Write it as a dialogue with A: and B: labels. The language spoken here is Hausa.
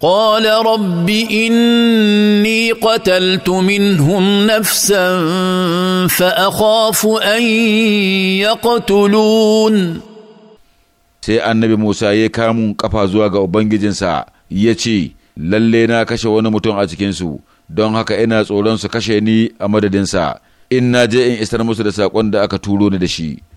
A: قال رب اني قتلت منهم نفسا فاخاف ان يقتلون
B: sai annabi Musa ya kamu kafa zuwa ga Ubangijinsa ya ce, Lalle na kashe wani mutum a cikinsu, don haka ina tsoron su kashe ni a madadinsa, in na je in isar musu da saƙon da aka turo ni da shi.